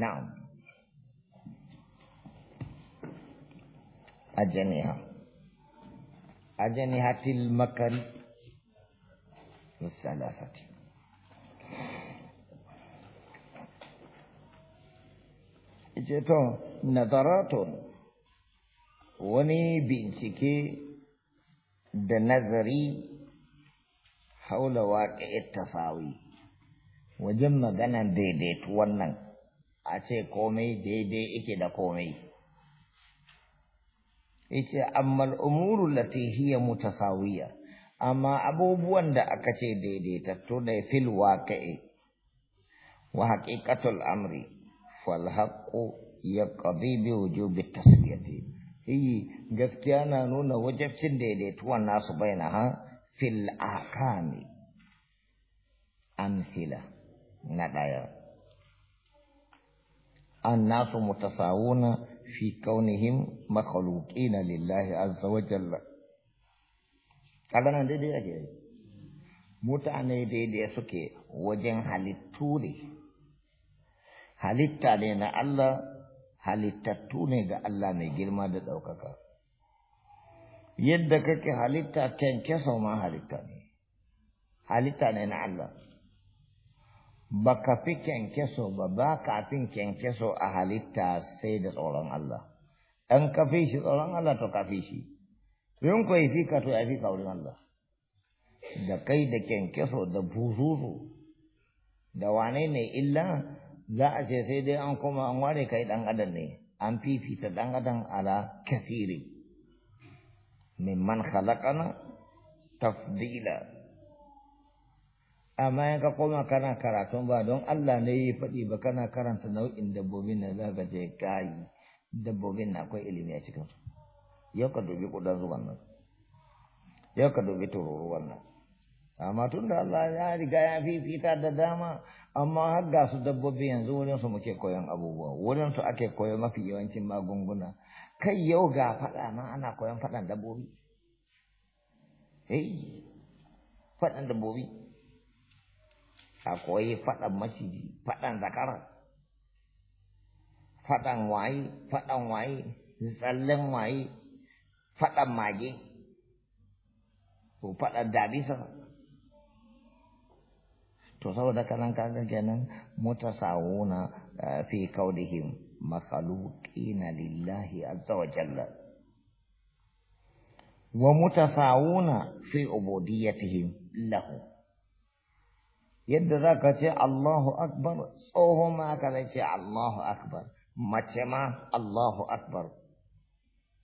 Naam, ajaniha ajanihatil makan wasalasati jeto nadaratun wani bincike da nazari haula waƙe tasawi wajen maganan daidaito wannan a ce komai daidai ike da komai yace ammal umuru lati hiya mutasawiya amma abubuwan da aka ce to da fil waqi'i wa haqiqatul amri fal haqqu yaqdi bi wujubi taswiyati yi gaskiya na nuna wajabcin daidaituwan nasu baina ha fil amsila na daya الناس متساوون في كونهم مخلوقين لله عز وجل kaga daidai ake yi mutane daidai suke wajen halittu ne halitta ne na Allah halittattu ne ga Allah mai girma da ɗaukaka yadda kake halitta kyanke ma halitta ne halitta ne na Allah ba ka fi kyankyaso ba ba ka kyankyaso a halitta sai da tsoron Allah ɗan ka fi shi tsoron Allah to ka fi shi yin kai fi ka to ya fi ka Allah da kai da kyankyaso da buzuzu da wane ne illa za a ce sai dai an koma an ware kai ɗan adam ne an fifita ɗan adam ala kafiri mimman halakana tafdila amma yanka koma kana karatun ba don Allah ne ya faɗi ba kana karanta nau'in dabbobin na za ka je kayi dabbobin na akwai ilimi a cikin su yau ka dubi kudan zuwan nan yau ka dubi tururu wannan amma tun da Allah ya riga ya fifita da dama amma har ga su dabbobi yanzu wurin su muke koyon abubuwa wurin su ake koyo mafi yawancin magunguna kai yau ga faɗa ma ana koyon faɗan dabbobi eh faɗan dabbobi a koyi faɗan maciji faɗan zakara faɗan waye faɗan waye tsallen waye faɗan mage ko faɗan dabisa to saboda kanan kaga kenan sawuna eh, fi kaudihim makhluqina lillahi azza wa jalla wa mutasawuna fi ubudiyatihim lahum. yadda za ka ce Allahu Akbar tsoho ma ka zai ce Allahu Akbar mace ma Allahu Akbar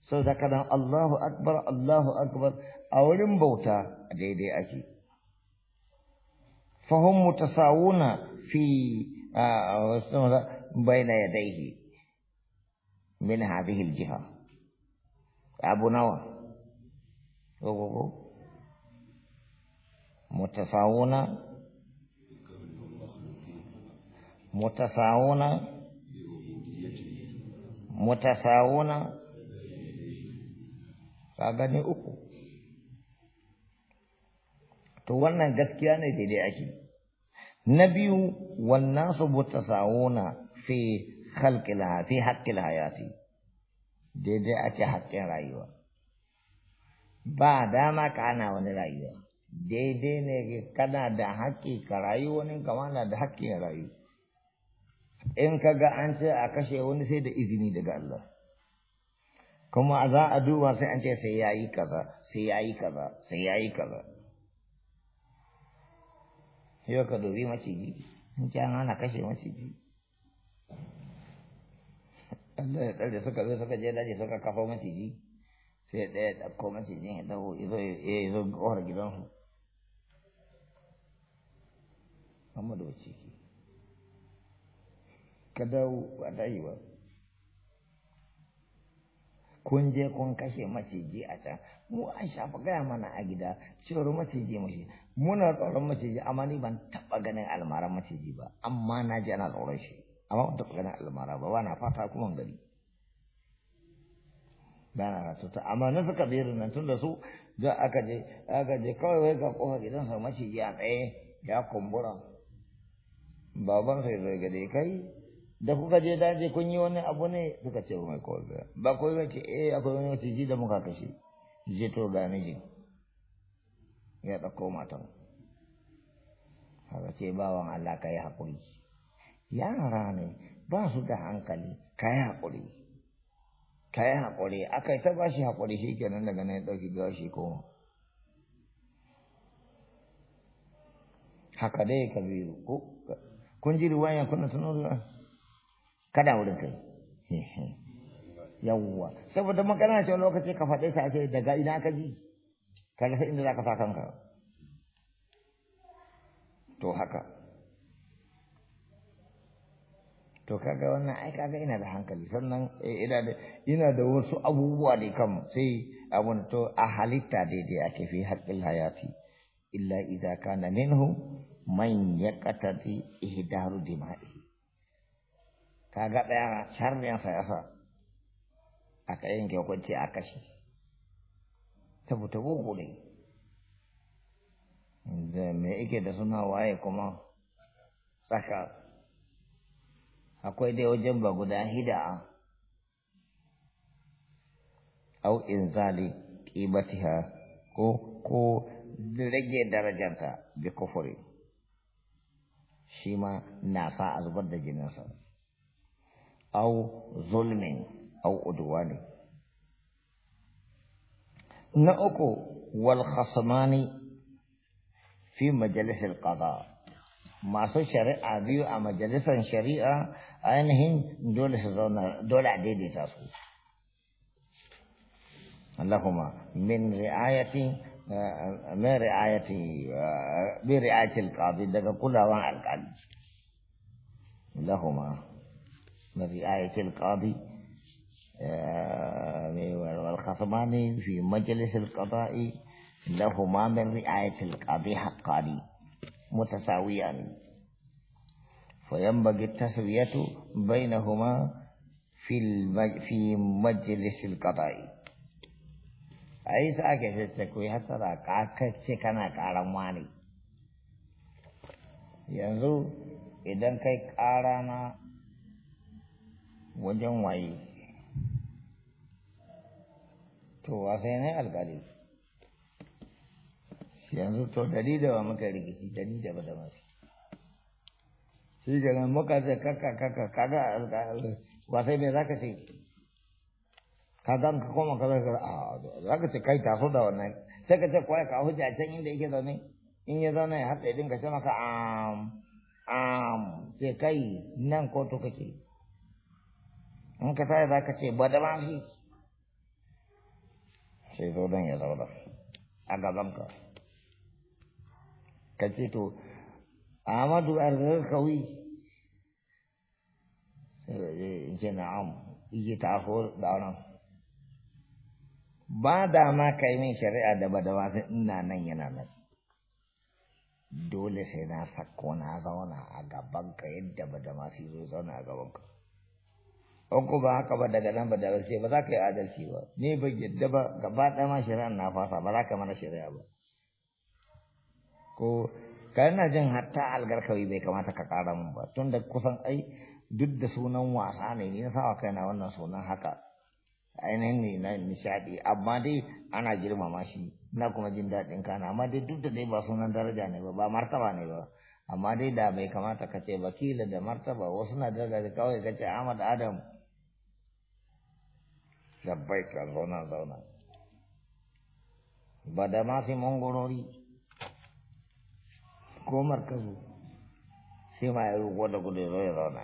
sau da kanan Allahu Akbar Allahu Akbar a wurin bauta daidai ake fahim mutasawuna fi baina yadaihi min hadhihi aljiha abu nawa gogogo mutasawuna متساوون متساوون gani uku to wannan gaskiya ne daidai ake na biyu wannan su sa'una fi khalqil fi haqqil hayati daidai ake haƙƙin rayuwa ba dama ka ana wani rayuwa daidai ne kana da haƙƙi ka rayuwa ne kama na da haƙƙin rayuwa. in ka ga an ce a kashe wani sai da izini daga Allah kuma za a duba sai an ce sai ya yi kaza sai ya yi kaza sai ya yi kaza yau ka dubi maciji in ce an hana kashe maciji Allah ya tsare suka zo suka je daji suka kafa maciji sai ɗaya ɗauko macijin ya dawo ya zo ƙofar gidansu Amma da wacce ke ka dawo ba da ba kun je kun kashe maciji a can mu an shafa gaya mana a gida cewar maciji mashi muna tsoron maciji amma ni ban taɓa ganin almaran maciji ba amma na ji ana tsoron shi amma ban taɓa ganin almara ba ba na fata kuma gari ba na ta amma na suka biyar nan tun da su za aka je aka je kawai wai ga kofa gidansa maciji a tsaye ya kumbura baban sai zai gade kai da kuka je daji kun yi wani abu ne suka ce mai kawai ba ko yi ce eh akwai wani wata ji da muka kashe je to ga miji ya ɗauko matan haka ce bawan Allah ka yi haƙuri yara ne ba su da hankali ka yi haƙuri ka yi haƙuri aka yi ta ba shi haƙuri shi kenan daga nan ya ɗauki gashi koma haka dai ka biyu kun ji ruwayan kuna tuno da. kada wurin kai yawwa saboda magana ce lokaci ka faɗe ta ce daga ina ka ji ka rasa inda za ka sa kanka to haka to kaga wannan ai kaga ina da hankali sannan eh, ina da ina da wasu abubuwa da kam sai abun to a halitta daidai ake fi haƙƙin hayati illa idza kana minhu man yaqtadi ihdaru dima'i kaga ɗaya sharrinsa ya sa aka yanke hukunci a kashe tabu-tabu gure da me yake da suna waye kuma tsaka akwai dai wajen ba guda a au zali qibatiha ko ko rage darajarta bi kufuri shi ma na sa a zubar da jininsa أو ظلم أو أدوان نأكو والخصمان في مجلس القضاء ما سو شرع أبيو أما جلسا شريعة أينهن دول دول عديد تاسو اللهم من رعاية من رعاية برعاية القاضي دقا كل أوان القاضي اللهم مرآية القاضي آه، والخصمان في مجلس القضاء لهما من رعاية القاضي حقاني متساويان فينبغي التسوية بينهما في المج... في مجلس القضاء أي ساكي سيكوي حتى راكاكا سيكنا كارماني ينظر إذا كي كارانا wajen waye to sai ne alkali yanzu to dari da wa muka rikici dari da ba da masu shi ganin muka ce kaka kaka kaga sai mai zaka ce dan ka koma ka ka a ah, zaka ce kai taso da wannan sai ka ce kwaya ka hujja can inda yake zaune in ya zaune har sai dinka ce maka am am sai kai nan ko to kake in ka tare za ka ce ba da sai zo don ya zauna a gabanka ka ce to amadu arzar kawi sai ce na'am iji ta horo da wannan ba da ma ka yi min shari'a da ba da wasu ina nan yana nan dole sai na sako na zauna a gabanka yadda ba da masu zo zauna a gabanka in ko ba haka ba daga nan ba da ba za ka yi adalci ba ne ba yadda ba gaba ɗaya ma shari'a na fasa ba za ka mana shari'a ba ko na jin hatta algarkawi bai kamata ka ƙara mun ba tun da kusan ai duk da sunan wasa ne ni na sawa kaina wannan sunan haka ainihin ne na nishaɗi amma dai ana girmama shi na kuma jin daɗin kana amma dai duk da dai ba sunan daraja ne ba ba martaba ne ba amma dai da bai kamata ka ce ba kila da martaba wasu na daraja kawai ka ce Ahmad Adam labbaik ka zauna zauna ba da ma sai mangorori ko markazu sai ma ya rugo da gudu ya zauna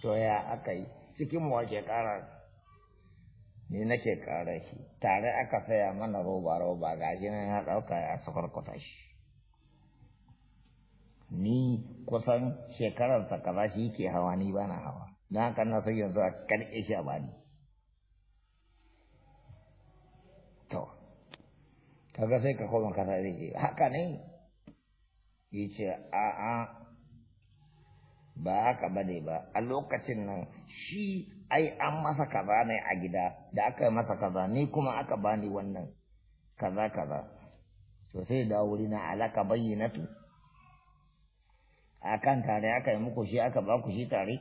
to ya aka cikin mu ake kara ni nake kara shi tare aka saya mana roba roba ga nan ya dauka ya sakwarkwata shi ni kusan shekarar kaza shi ke hawa ni bana hawa na kan na sai yanzu a karke shi a bani kaga sai ka koma kana rike haka ne yace a a ba haka bane ba a lokacin nan shi ai an masa kaza ne a gida da aka masa kaza ni kuma aka bani wannan kaza kaza to sai da wuri na alaka a kan tare aka yi muku shi aka ba ku shi tare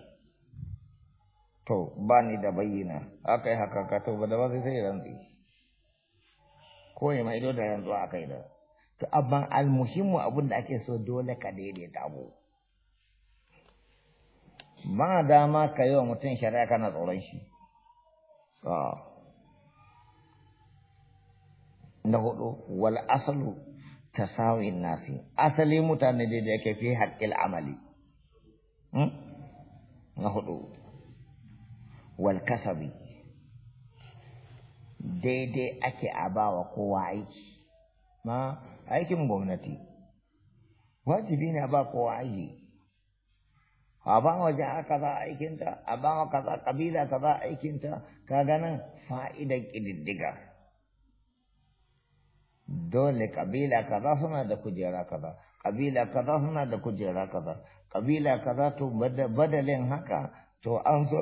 to ba ni da bayyana aka yi haka ka to ba da ba sai sai rantsi ko ya maido da rantsuwa a kai da to abban almuhimmu abin da ake so dole ka daidaita abu ba dama ka yi wa mutum shari'a kana tsoron shi ah. na hudu wal asalu tasawin nasi asali mutane da yake fi haƙƙil amali hmm? na hudu wal kasabi daidai ake a wa kowa aiki ma aikin gwamnati wajibi ne a ba kowa aiki a ba wa jiha kaza aikinta a ba wa kaza kabila kaza aikinta ka ganin fa'idan ƙididdiga dole kabila kaza suna da kujera kaza kabila kaza suna da kujera kaza kabila kaza to badalin haka to an so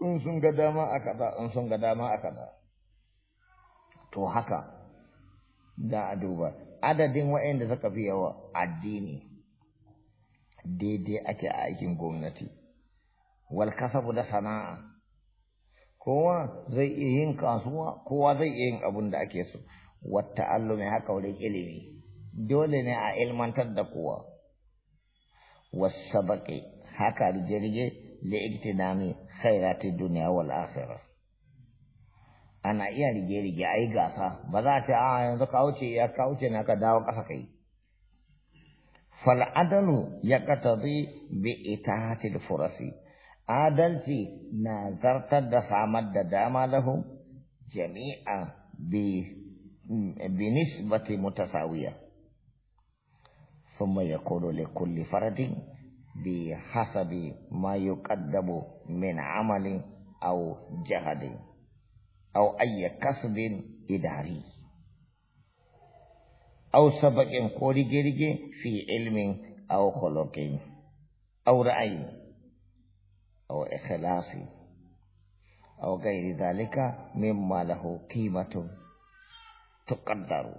in sun ga dama a kaza in sun ga dama a kaza to haka da a duba adadin waɗanda suka fi yawa addini daidai ake a aikin gwamnati wal kasabu da sana'a kowa zai iya yin kasuwa kowa zai iya yin abun da ake so wata allumi haka wurin ilimi dole ne a ilmantar da kowa wasu haka jirgin da iktinami khairati duniya wal akhirah ana iya rige-rige a yi gasa ba za ta a yanzu kauce ya kauce na ka dawo ƙasa kai fal'adalu ya katazi bi ita da furasi adalci na zartar da samar da dama lahu jami'a bi nisbati mutasawiya ثم يقول لكل فرد بحسب ما يقدم من عمل au جهد أو أي كسب إداري أو سبق قولي جريجي في علم أو خلق أو رأي أو إخلاص أو غير ذلك مما له قيمة تقدر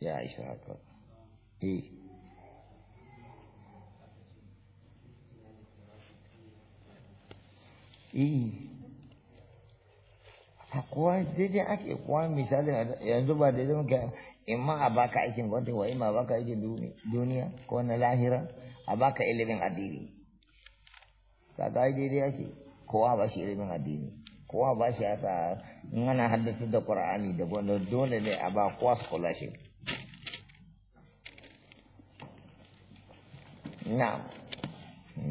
يا عائشة أكبر إيه إيه kowa daidai ake kowa misali yanzu ba daidai muke in ma a baka aikin gwamnati wa eh, in ma baka eh, aikin duniya ko na lahira a baka ilimin addini kaga dai ake kowa ba shi ilimin addini kowa ba shi yasa in ana haddasa da qur'ani da gwamnati dole ne a ba kowa scholarship na'am